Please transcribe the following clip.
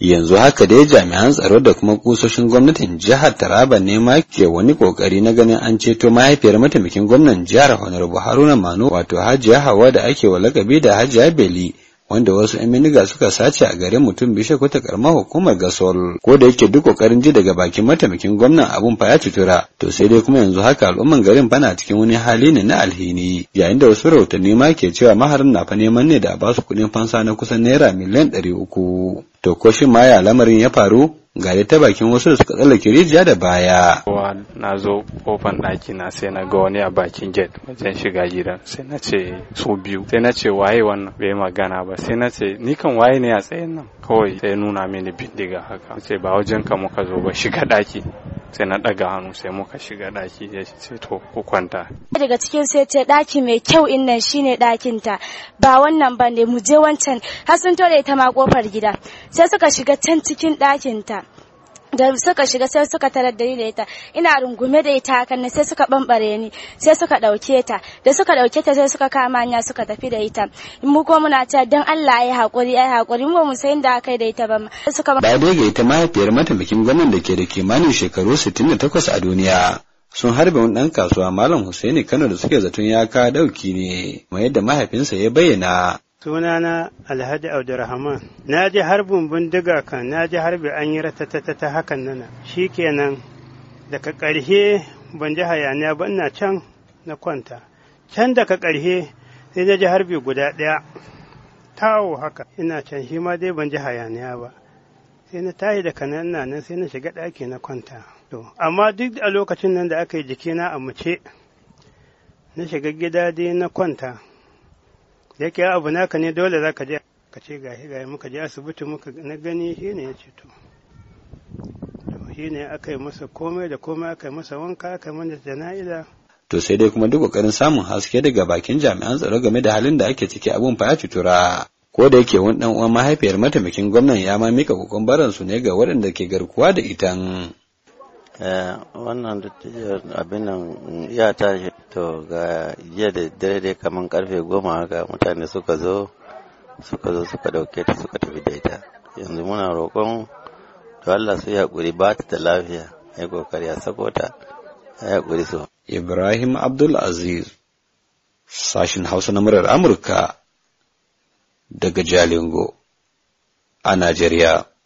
yanzu haka dai jami'an tsaro da kuma kusoshin gwamnatin jihar Taraba ne ma ke wani kokari na ganin an ceto mahaifiyar mataimakin gwamnan jihar Honorable Haruna Mano wato Hajiya Hawa da ake wa lakabi da Hajiya Beli wanda wasu 'yan miniga suka sace a garin mutum bishe ko ta karamar hukumar gasol ko da yake duk kokarin ji daga bakin mataimakin gwamnan abun fa ya cutura to sai dai kuma yanzu haka al'umman garin fana cikin wani hali ne na alhini yayin da wasu rahotanni ma ke cewa maharin na fa neman ne da a basu kuɗin fansa na kusan naira miliyan ɗari uku to ko shi ma ya lamarin ya faru ga ta bakin wasu da suka tsallake rijiya da baya. Kowa na zo kofan ɗaki na sai na ga wani a bakin gate wajen shiga gidan sai na ce su biyu sai na ce waye wannan bai magana ba sai na ce ni kan waye ne a tsayin nan kawai sai nuna mini bindiga haka sai ba wajen ka muka zo ba shiga ɗaki sai na ɗaga hannu sai muka shiga ɗaki ya ce to ku kwanta. Daga cikin sai ce ɗaki mai kyau in shi ne ɗakin ba wannan ba ne mu je wancan har sun tore ta ma kofar gida sai suka shiga can cikin ɗakin da suka shiga sai suka tarar da da ita ina rungume da ita kan sai suka bambare ni sai suka dauke ta da suka dauke ta sai suka kama ni suka tafi da ita mu ko muna ta dan Allah ya hakuri ya hakuri mu mu sai da kai da ita ba suka ba dai ga ita mahaifiyar mataimakin gwamnan da ke da kimanin shekaru 68 a duniya sun harbe wani dan kasuwa Malam Hussaini Kano da suke zaton ya ka dauki ne, mai yadda mahaifinsa ya bayyana sunana alhaji abdurrahman na ji harbin bindiga kan na ji harbi an yi ratatata hakan nana kenan daga ƙarshe ban ji hayaniya ba ina can na kwanta can daga ƙarshe sai na ji harbi guda ɗaya tawo haka ina can shi ma dai ban ji hayaniya ba sai na tashi daga nan na nan sai na shiga ɗaki na kwanta to amma duk a lokacin nan da aka yi jikina a mace na shiga gida dai na kwanta da yake abu naka ne dole za ka je ka ce gashi muka je asibiti muka na gani shi ne ya ce to shi aka yi masa komai da komai aka yi masa wanka aka yi mana jana'ila to sai dai kuma duk kokarin samun haske daga bakin jami'an tsaro game da halin da ake ciki abun fa ya cutura ko da yake wani dan uwan mahaifiyar mataimakin gwamnan ya ma mika kokon baran su ne ga waɗanda ke garkuwa da itan eh, wannan abin nan ya tashi to ga jiya da dare dai kamar karfe goma haka mutane suka zo suka zo suka dauke ta suka tafi da ita yanzu muna roƙon to Allah su kuri ba ta da lafiya ya kokari ya sako ta ya kuri su. Ibrahim Abdul Aziz sashin Hausa na murar Amurka daga Jalingo a Najeriya.